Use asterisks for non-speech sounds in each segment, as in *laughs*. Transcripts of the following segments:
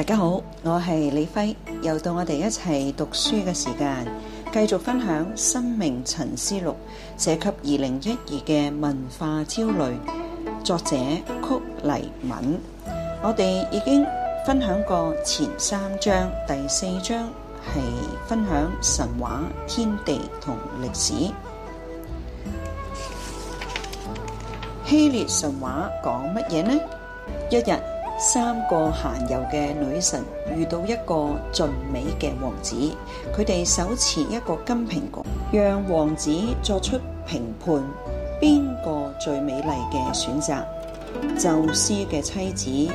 大家好，我係李輝，又到我哋一齊讀書嘅時間，繼續分享《生命沉思錄》，寫給二零一二嘅文化焦慮，作者曲黎敏。我哋已經分享過前三章，第四章係分享神話、天地同歷史。希臘神話講乜嘢呢？一日。三個閒遊嘅女神遇到一個俊美嘅王子，佢哋手持一個金蘋果，讓王子作出評判，邊個最美麗嘅選擇？宙斯嘅妻子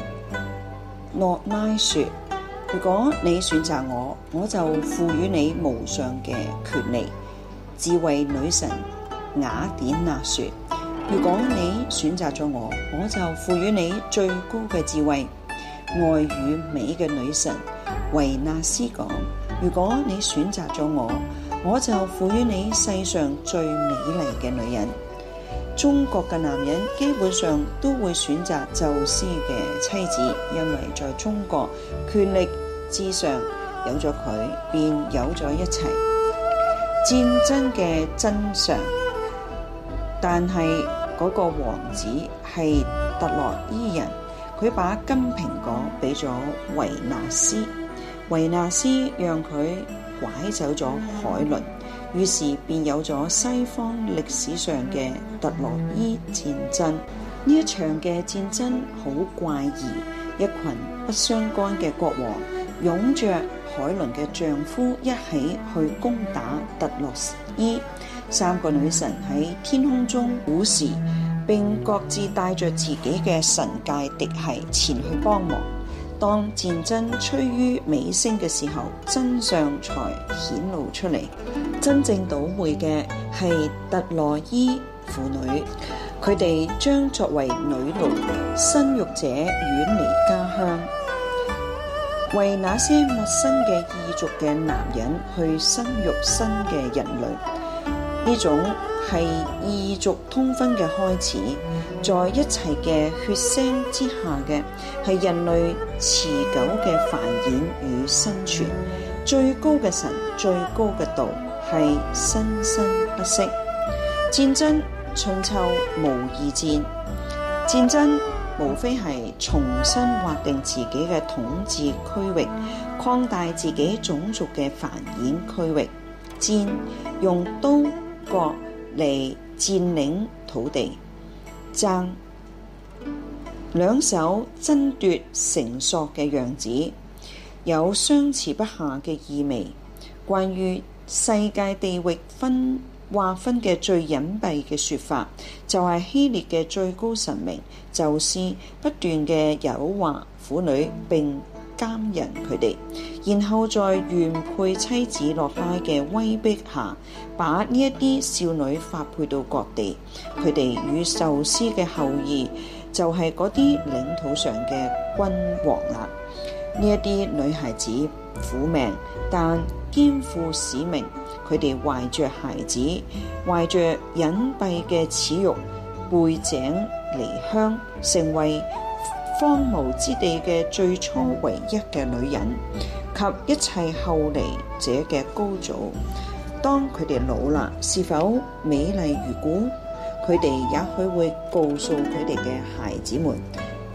諾拉說：如果你選擇我，我就賦予你無上嘅權利。智慧女神雅典娜說。如果你選擇咗我，我就賦予你最高嘅智慧。愛與美嘅女神維納斯講：如果你選擇咗我，我就賦予你世上最美麗嘅女人。中國嘅男人基本上都會選擇宙斯嘅妻子，因為在中國權力至上，有咗佢，便有咗一切。戰爭嘅真相。但係嗰個王子係特洛伊人，佢把金蘋果俾咗維納斯，維納斯讓佢拐走咗海倫，於是便有咗西方歷史上嘅特洛伊戰爭。呢一場嘅戰爭好怪異，一群不相干嘅國王，擁着海倫嘅丈夫一起去攻打特洛伊。三個女神喺天空中古時，並各自帶着自己嘅神界嫡系前去幫忙。當戰爭趨於尾聲嘅時候，真相才顯露出嚟。真正倒楣嘅係特洛伊婦女，佢哋將作為女奴生育者遠離家鄉，為那些陌生嘅異族嘅男人去生育新嘅人類。呢種係異族通婚嘅開始，在一齊嘅血腥之下嘅係人類持久嘅繁衍與生存。最高嘅神，最高嘅道係生生不息。戰爭春秋無義戰，戰爭無非係重新劃定自己嘅統治區域，擴大自己種族嘅繁衍區域。戰用刀。國嚟佔領土地，爭兩手爭奪繩索嘅樣子，有相持不下嘅意味。關於世界地域分劃分嘅最隱蔽嘅說法，就係、是、希臘嘅最高神明就是不斷嘅誘惑婦女，並。監人佢哋，然後在原配妻子落花嘅威逼下，把呢一啲少女發配到各地。佢哋與宙斯嘅後裔，就係嗰啲領土上嘅君王啦。呢一啲女孩子苦命，但肩負使命。佢哋懷着孩子，懷着隱蔽嘅恥辱，背井離鄉，成為。荒蕪之地嘅最初唯一嘅女人及一切後嚟者嘅高祖，當佢哋老啦，是否美麗如故？佢哋也許會告訴佢哋嘅孩子們，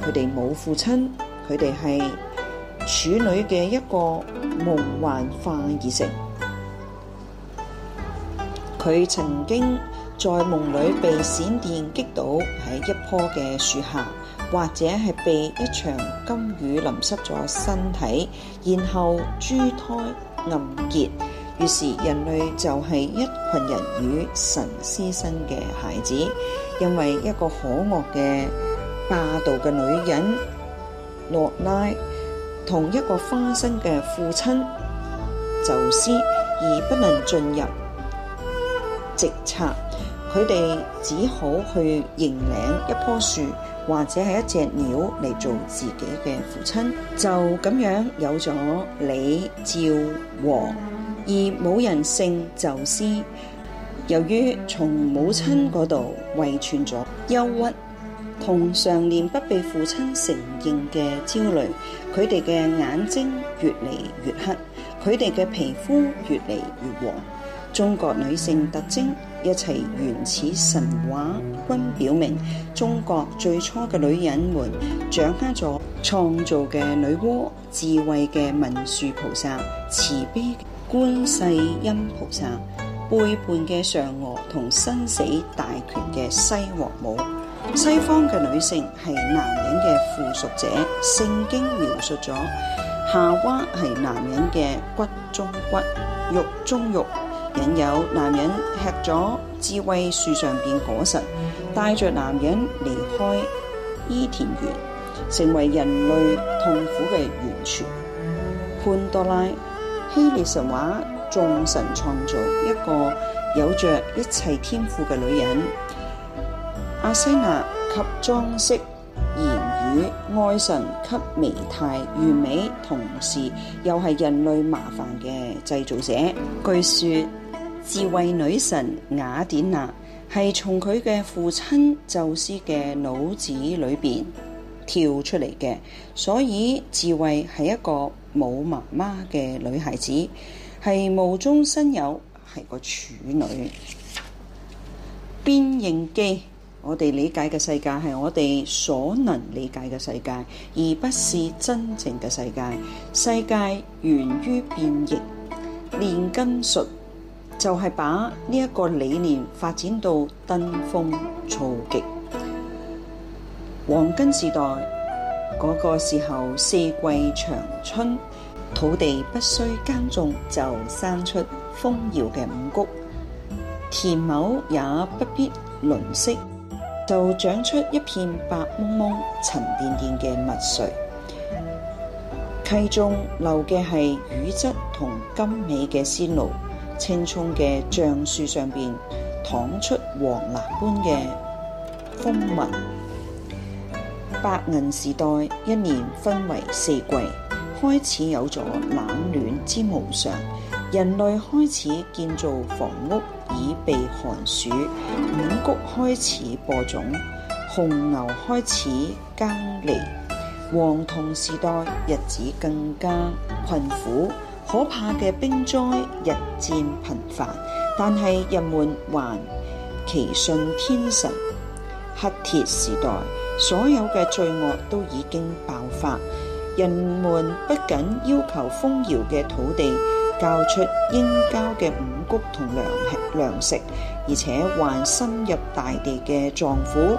佢哋冇父親，佢哋係處女嘅一個夢幻化而成。佢曾經在夢裏被閃電擊倒喺一棵嘅樹下。或者係被一場金雨淋濕咗身體，然後珠胎暗結，於是人類就係一羣人與神私生嘅孩子，因為一個可惡嘅霸道嘅女人諾拉，同一個花心嘅父親宙斯，而不能進入直插。佢哋只好去認領一棵樹或者係一隻鳥嚟做自己嘅父親，就咁樣有咗李、趙、和，而冇人姓宙斯。由於從母親嗰度遺傳咗憂鬱，同常年不被父親承認嘅焦慮，佢哋嘅眼睛越嚟越黑，佢哋嘅皮膚越嚟越黃。中國女性特徵。一齊原始神話均表明，中國最初嘅女人們掌握咗創造嘅女媧、智慧嘅文殊菩薩、慈悲嘅觀世音菩薩、背叛嘅嫦娥同生死大權嘅西王母。西方嘅女性係男人嘅附屬者。聖經描述咗，夏娃係男人嘅骨中骨、肉中肉。引誘男人吃咗智慧樹上邊果實，帶着男人離開伊甸園，成為人類痛苦嘅源泉。潘多拉，希臘神話，眾神創造一個有着一切天賦嘅女人，阿西娜及裝飾言語愛神及微態完美，同時又係人類麻煩嘅製造者。據說。智慧女神雅典娜係從佢嘅父親宙斯嘅腦子裏邊跳出嚟嘅，所以智慧係一個冇媽媽嘅女孩子，係無中生有，係個處女。變形記，我哋理解嘅世界係我哋所能理解嘅世界，而不是真正嘅世界。世界源於變形煉金術。就係把呢一個理念發展到登峰造極，黃金時代嗰、那個時候，四季長春，土地不需耕種就生出豐饒嘅五穀，田畝也不必輪息，就長出一片白濛濛、沉甸甸嘅麥穗，溪中流嘅係乳汁同甘美嘅鮮露。青蔥嘅橡樹上邊淌出黃蠟般嘅蜂蜜。白銀時代，一年分為四季，開始有咗冷暖之無常，人類開始建造房屋以備寒暑，五穀開始播種，紅牛開始耕犁。黃銅時代，日子更加困苦。可怕嘅冰災日漸頻繁，但係人們還奇信天神。黑鐵時代所有嘅罪惡都已經爆發，人們不僅要求豐饒嘅土地，教出交出應交嘅五穀同糧食，糧食，而且還深入大地嘅臟腑，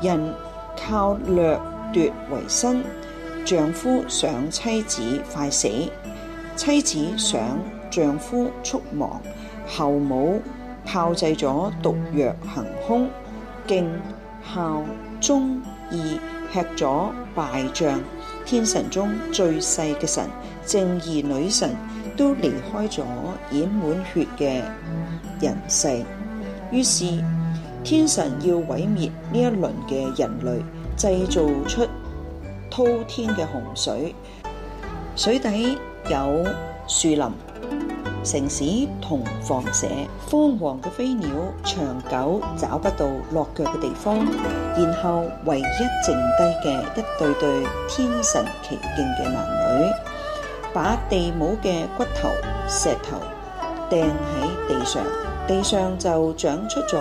人靠掠奪為生。丈夫想妻子快死。妻子想丈夫速亡，後母炮製咗毒藥行凶，敬孝忠義吃咗敗仗，天神中最細嘅神正義女神都離開咗染滿血嘅人世，於是天神要毀滅呢一輪嘅人類，製造出滔天嘅洪水，水底。有樹林、城市同房舍，荒黃嘅飛鳥長久找不到落腳嘅地方，然後唯一剩低嘅一對對天神奇境嘅男女，把地母嘅骨頭、石頭掟喺地上，地上就長出咗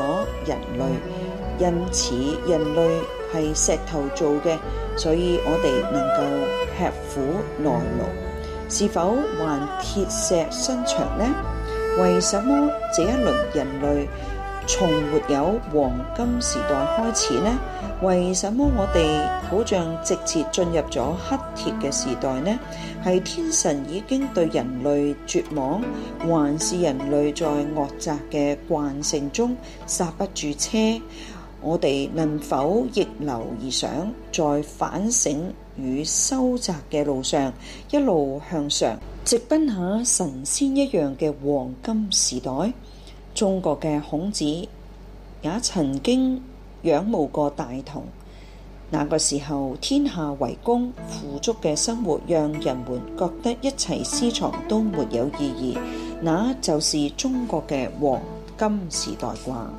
人類。因此，人類係石頭做嘅，所以我哋能夠吃苦耐勞。是否還鐵石心腸呢？為什麼這一輪人類從沒有黃金時代開始呢？為什麼我哋好像直接進入咗黑鐵嘅時代呢？係天神已經對人類絕望，還是人類在惡習嘅慣性中剎不住車？我哋能否逆流而上，再反省？與收窄嘅路上，一路向上，直奔下神仙一樣嘅黃金時代。中國嘅孔子也曾經仰慕過大同。那個時候，天下為公，富足嘅生活讓人們覺得一切私藏都沒有意義。那就是中國嘅黃金時代啩？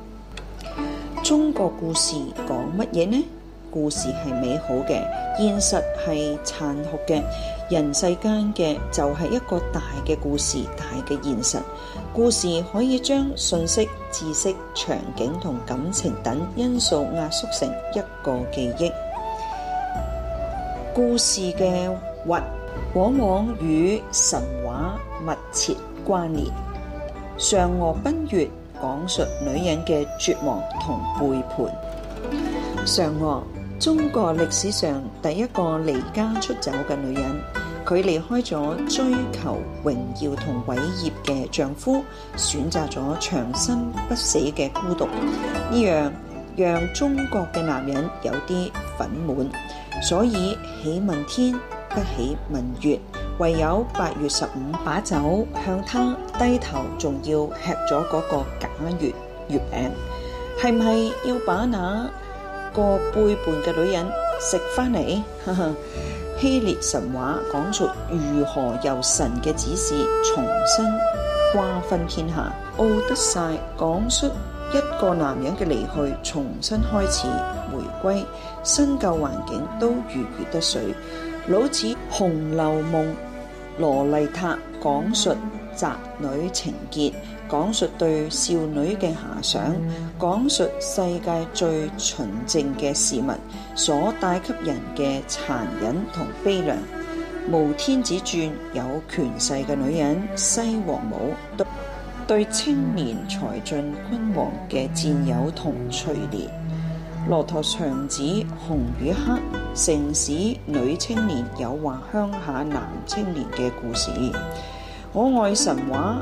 中國故事講乜嘢呢？故事係美好嘅，現實係殘酷嘅。人世間嘅就係一個大嘅故事，大嘅現實。故事可以將信息、知識、場景同感情等因素壓縮成一個記憶。故事嘅核往往與神話密切關聯。嫦娥奔月講述女人嘅絕望同背叛。嫦娥。中國歷史上第一個離家出走嘅女人，佢離開咗追求榮耀同偉業嘅丈夫，選擇咗長生不死嘅孤獨。呢樣讓中國嘅男人有啲憤懣，所以喜問天，不喜問月，唯有八月十五把酒向他低頭，仲要吃咗嗰個假月月餅，係唔係要把那個背叛嘅女人食翻嚟，呵呵，希 *laughs* 臘 *laughs* 神話講出如何由神嘅指示重新瓜分天下；奧 *laughs* 德賽講述一個男人嘅離去，重新開始回歸新舊環境都如魚得水；老似《紅樓夢》、《羅麗塔》講述宅女情結。講述對少女嘅遐想，講述世界最純淨嘅事物所帶給人嘅殘忍同悲涼。《穆天子傳》有權勢嘅女人西王母，對青年才俊君王嘅戰友同垂憐。《駱駝祥子》紅與黑，城市女青年有話鄉下男青年嘅故事。我愛神話。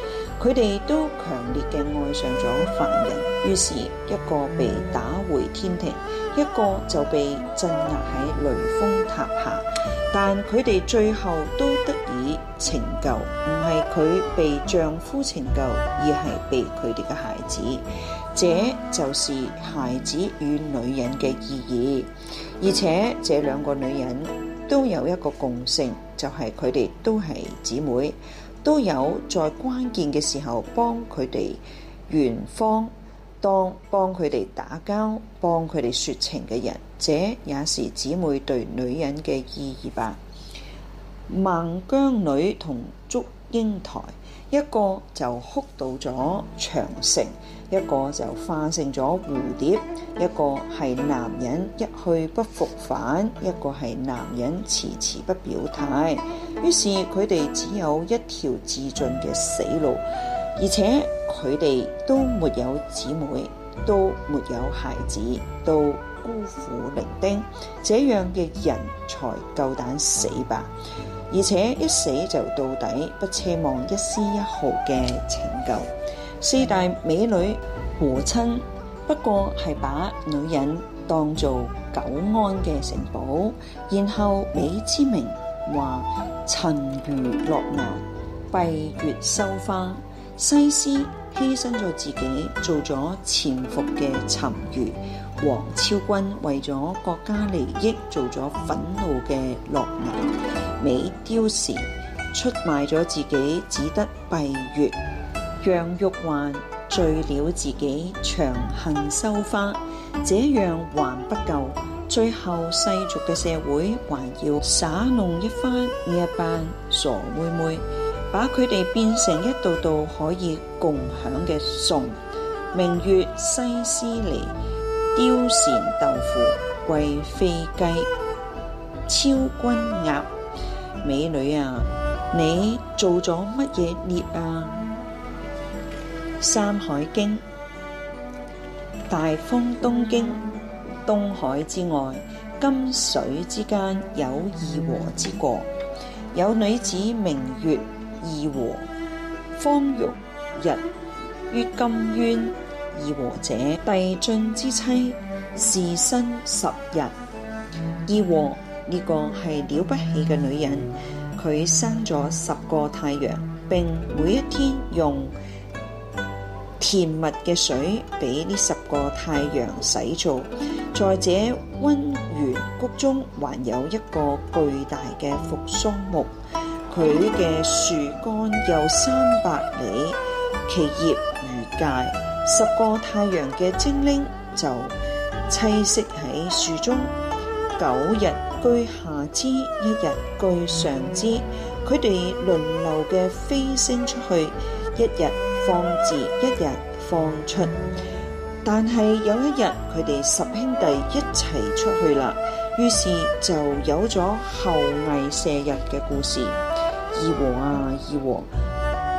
佢哋都強烈嘅愛上咗凡人，於是，一個被打回天庭，一個就被鎮壓喺雷峰塔下。但佢哋最後都得以拯救，唔係佢被丈夫拯救，而係被佢哋嘅孩子。這就是孩子與女人嘅意義。而且，這兩個女人都有一個共性，就係佢哋都係姊妹。都有在關鍵嘅時候幫佢哋圓謊當幫，當幫佢哋打交，幫佢哋説情嘅人，這也是姊妹對女人嘅意義吧。孟姜女同竹英台，一個就哭到咗長城，一個就化成咗蝴蝶，一個係男人一去不復返，一個係男人遲遲不表態。於是佢哋只有一條自盡嘅死路，而且佢哋都沒有姊妹，都沒有孩子，都孤苦伶仃，這樣嘅人才夠膽死吧？而且一死就到底，不奢望一絲一毫嘅拯救。四大美女和親，不過係把女人當做久安嘅城堡，然後美之名話：沉魚落雁，閉月羞花。西施犧牲咗自己，做咗潛伏嘅沉魚。王昭君為咗國家利益做咗憤怒嘅落雁，美貂蟬出賣咗自己，只得閉月；楊玉環醉了自己，長恨羞花。這樣還不夠，最後世俗嘅社會還要耍弄一番呢一班傻妹妹，把佢哋變成一道道可以共享嘅餸明月西施尼。貂蟬豆腐、貴妃雞、超君鴨，美女啊！你做咗乜嘢孽啊？《山海經》大荒東經，東海之外，金水之間，有二和之國，有女子名曰二和，方玉日，曰金淵。羲和者，帝俊之妻，是生十日。羲和呢，這個係了不起嘅女人，佢生咗十個太陽，並每一天用甜蜜嘅水俾呢十個太陽洗澡。在這溫源谷中，還有一個巨大嘅扶桑木，佢嘅樹幹有三百里，其葉如蓋。十個太陽嘅精靈就棲息喺樹中，九日居下枝，一日居上枝。佢哋輪流嘅飛升出去，一日方至，一日方出。但係有一日，佢哋十兄弟一齊出去啦，於是就有咗後羿射日嘅故事。羲和啊，羲和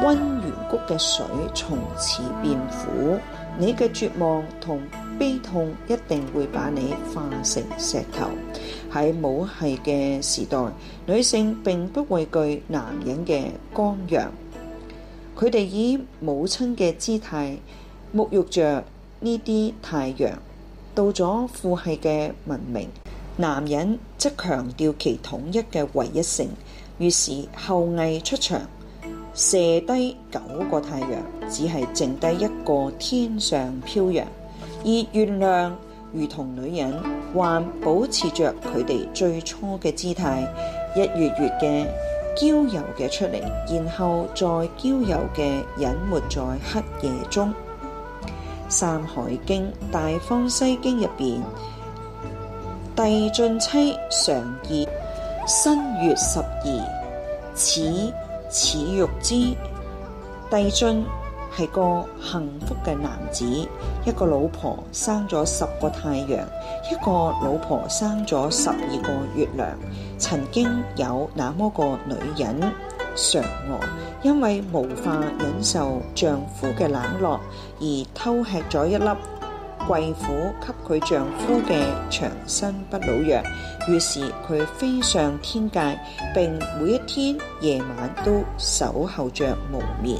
温。谷嘅水從此變苦，你嘅絕望同悲痛一定會把你化成石頭。喺母系嘅時代，女性並不畏懼男人嘅光陽，佢哋以母親嘅姿態沐浴着呢啲太陽。到咗父系嘅文明，男人則強調其統一嘅唯一性，於是后羿出場。射低九個太陽，只係剩低一個天上飄揚，而月亮如同女人，還保持着佢哋最初嘅姿態，一月月嘅嬌柔嘅出嚟，然後再嬌柔嘅隱沒在黑夜中。《山海經》《大方西經》入邊，帝俊妻常羲，新月十二，此。始欲之帝俊係個幸福嘅男子，一個老婆生咗十個太陽，一個老婆生咗十二個月亮。曾經有那麼個女人嫦娥，因為無法忍受丈夫嘅冷落，而偷吃咗一粒。貴婦給佢丈夫嘅長生不老藥，於是佢飛上天界，並每一天夜晚都守候着無眠。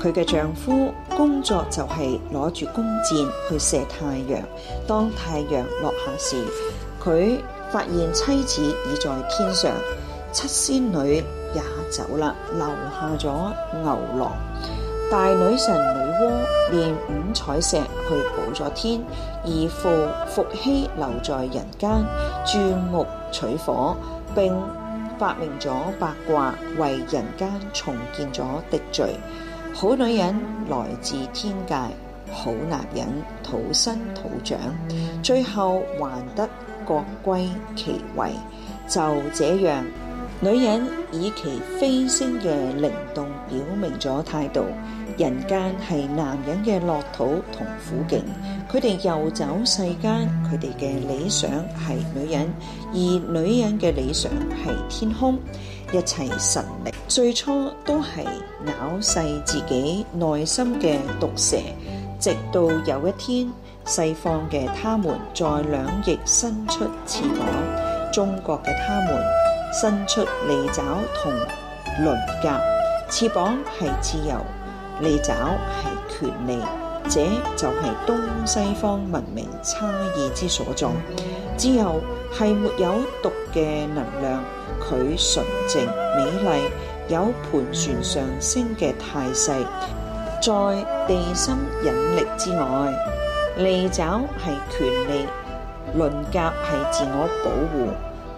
佢嘅丈夫工作就係攞住弓箭去射太陽，當太陽落下時，佢發現妻子已在天上，七仙女也走啦，留下咗牛郎。大女神女媧煉五彩石去補咗天，而父伏羲留在人間，鑽木取火，並發明咗八卦，為人間重建咗秩序。好女人來自天界，好男人土生土長，最後還得各歸其位。就這樣，女人以其飛星嘅靈動表明咗態度。人間係男人嘅樂土同苦境，佢哋遊走世間，佢哋嘅理想係女人，而女人嘅理想係天空。一切神力最初都係咬細自己內心嘅毒蛇，直到有一天，西方嘅他們在兩翼伸出翅膀，中國嘅他們伸出利爪同鱗甲。翅膀係自由。利爪係權利，這就係東西方文明差異之所在。之後係沒有毒嘅能量，佢純淨美麗，有盤旋上升嘅態勢，在地心引力之外，利爪係權利，鱗甲係自我保護，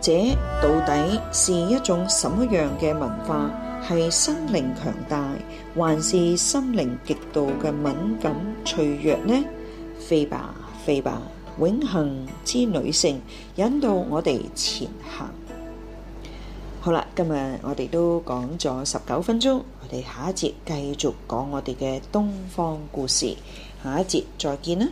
這到底是一種什麼樣嘅文化？係心靈強大，還是心靈極度嘅敏感脆弱呢？飛吧，飛吧，永恒之女性引導我哋前行。好啦，今日我哋都講咗十九分鐘，我哋下一節繼續講我哋嘅東方故事。下一節再見啦。